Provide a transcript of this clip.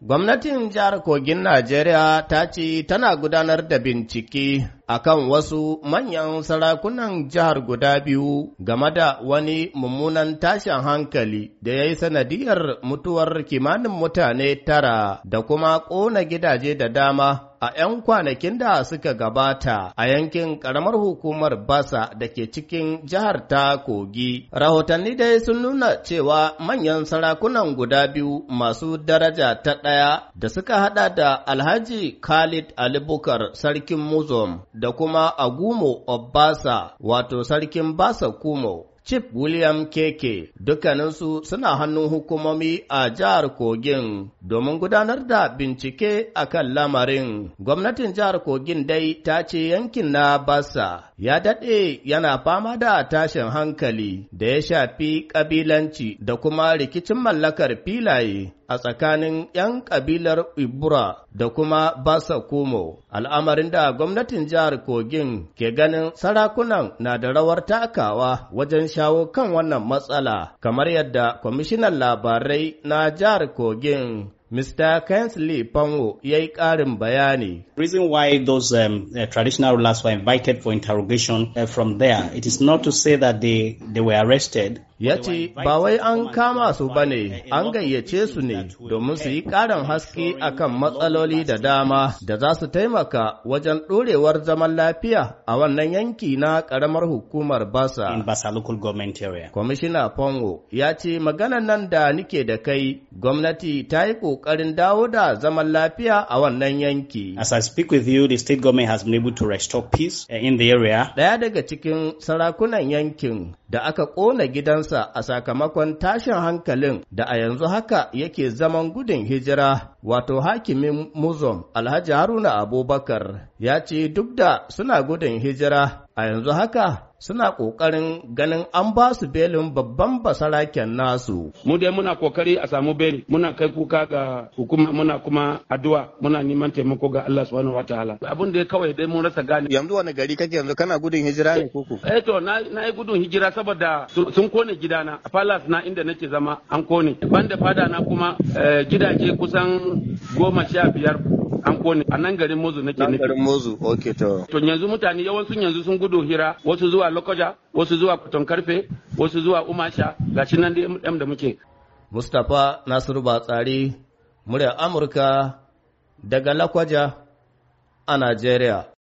Gwamnatin jihar Kogin Najeriya ta ce tana gudanar da bincike akan wasu manyan sarakunan jihar guda biyu game da wani mummunan tashin hankali da ya yi sanadiyar mutuwar kimanin mutane tara da kuma ƙona gidaje da dama a 'yan kwanakin da suka gabata a yankin ƙaramar hukumar Basa da ke cikin jihar ta Kogi. Rahotanni dai sun nuna cewa manyan sarakunan guda biyu masu daraja ta ɗaya da suka haɗa da Alhaji Khalid Ali Bukar Sarkin Muzum da kuma Agumo Obasa wato Sarkin Basa Kumo Chip William Keke dukkaninsu suna hannun hukumomi a jihar Kogin domin gudanar da bincike a kan lamarin. Gwamnatin jihar Kogin dai ta ce yankin na Basa ya daɗe yana fama da tashin hankali da ya shafi ƙabilanci da kuma rikicin mallakar filaye a tsakanin 'yan kabilar Ibura da kuma Basa Kumo, al'amarin da gwamnatin jihar Kogin ke ganin sarakunan na da rawar takawa wajen shawo kan wannan matsala, kamar yadda kwamishinan labarai na jihar Kogin Mr. Kensley Pongo ya yi ƙarin bayani. reason why those um, uh, traditional rulers were invited for interrogation uh, from there, it is not to say that they, they were arrested. Ya ce, ba wai an kama su ba ne, uh, an gayyace su ne domin su yi ƙarin haske akan matsaloli da dama da za su taimaka wajen ɗorewar zaman lafiya a wannan yanki na ƙaramar hukumar Basa. In Basa local government area. Kwamishina Pongo ya ce, maganan nan da nike da kai, gwamnati ta yi ƙoƙarin dawo da zaman lafiya a wannan yanki. As I speak with you, the state government has been able to restore peace uh, in the area. Daya daga cikin sarakunan yankin da aka ƙona gidansa a sakamakon tashin hankalin da a yanzu haka yake zaman gudun hijira wato hakimin muzum alhaji haruna abubakar ya ce duk da suna gudun hijira a yanzu haka suna ƙoƙarin ganin an ba su belin babban basaraken nasu. Mu dai muna ƙoƙari a samu beli, muna kai kuka ga hukuma muna kuma addu'a muna neman taimako ga Allah subhanahu wa ta'ala. Abin da kawai dai mun rasa gane. Yanzu wani gari kake yanzu kana gudun hijira ne koko? Eh to na yi gudun hijira saboda sun kone gidana a palace na inda nake zama an kone banda fada na kuma eh, gidaje kusan goma sha biyar an kone a nan garin mozu nake nufi garin mozu okay to to yanzu mutane yawanci yanzu sun gudu hira wasu zuwa lokoja wasu zuwa kuton karfe wasu zuwa umasha gashi nan dai da muke mustapha nasiru batsari murya amurka daga lakwaja a nigeria